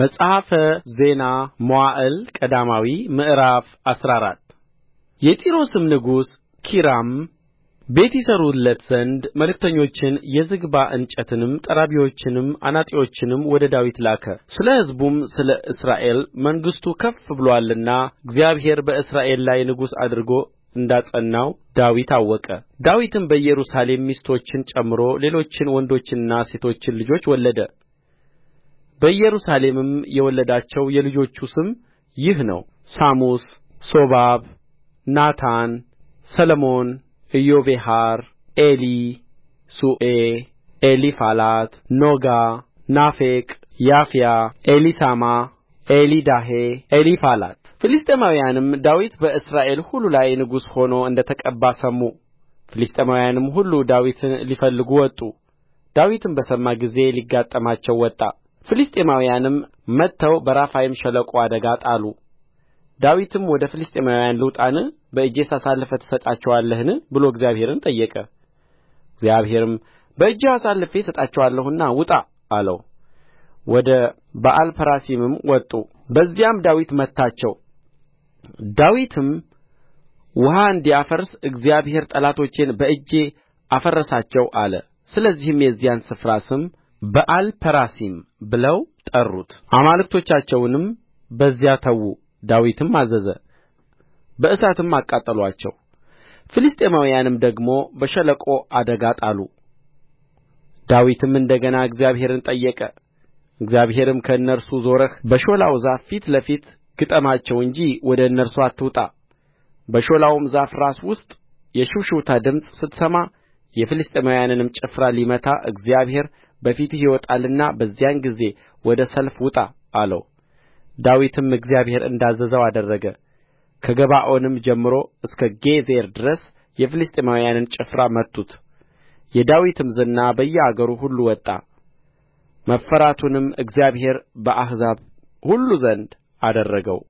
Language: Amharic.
መጽሐፈ ዜና መዋዕል ቀዳማዊ ምዕራፍ አስራ አራት የጢሮስም ንጉሥ ኪራም ቤት ይሠሩለት ዘንድ መልእክተኞችን የዝግባ እንጨትንም ጠራቢዎችንም አናጢዎችንም ወደ ዳዊት ላከ ስለ ሕዝቡም ስለ እስራኤል መንግሥቱ ከፍ ብሎአልና እግዚአብሔር በእስራኤል ላይ ንጉሥ አድርጎ እንዳጸናው ዳዊት አወቀ። ዳዊትም በኢየሩሳሌም ሚስቶችን ጨምሮ ሌሎችን ወንዶችንና ሴቶችን ልጆች ወለደ። በኢየሩሳሌምም የወለዳቸው የልጆቹ ስም ይህ ነው ሳሙስ ሶባብ ናታን ሰሎሞን ኢያቤሐር ኤሊ ሱኤ ኤሊፋላት ኖጋ ናፌቅ ያፍያ ኤሊሳማ ኤሊዳሄ ኤሊፋላት ፍልስጥኤማውያንም ዳዊት በእስራኤል ሁሉ ላይ ንጉሥ ሆኖ እንደ ተቀባ ሰሙ ፍልስጥኤማውያንም ሁሉ ዳዊትን ሊፈልጉ ወጡ ዳዊትም በሰማ ጊዜ ሊጋጠማቸው ወጣ ፍልስጥኤማውያንም መጥተው በራፋይም ሸለቆ አደጋ ጣሉ ዳዊትም ወደ ፍልስጥኤማውያን ልውጣን በእጄስ አሳልፈህ ትሰጣቸዋለህን ብሎ እግዚአብሔርን ጠየቀ እግዚአብሔርም በእጅህ አሳልፌ እሰጣቸዋለሁና ውጣ አለው ወደ በአልፐራሲምም ወጡ በዚያም ዳዊት መታቸው ዳዊትም ውኃ እንዲያፈርስ እግዚአብሔር ጠላቶቼን በእጄ አፈረሳቸው አለ ስለዚህም የዚያን ስፍራ ስም በአልፐራሲም ብለው ጠሩት አማልክቶቻቸውንም በዚያ ተዉ ዳዊትም አዘዘ በእሳትም አቃጠሏቸው ፍልስጥኤማውያንም ደግሞ በሸለቆ አደጋ ጣሉ ዳዊትም እንደ ገና እግዚአብሔርን ጠየቀ እግዚአብሔርም ከእነርሱ ዞረህ በሾላው ዛፍ ፊት ለፊት ግጠማቸው እንጂ ወደ እነርሱ አትውጣ በሾላውም ዛፍ ራስ ውስጥ የሽውሽውታ ድምፅ ስትሰማ የፍልስጥኤማውያንንም ጭፍራ ሊመታ እግዚአብሔር በፊትህ ይወጣልና በዚያን ጊዜ ወደ ሰልፍ ውጣ አለው ዳዊትም እግዚአብሔር እንዳዘዘው አደረገ ከገባዖንም ጀምሮ እስከ ጌዝር ድረስ የፍልስጥኤማውያንን ጭፍራ መቱት የዳዊትም ዝና በየአገሩ ሁሉ ወጣ መፈራቱንም እግዚአብሔር በአሕዛብ ሁሉ ዘንድ አደረገው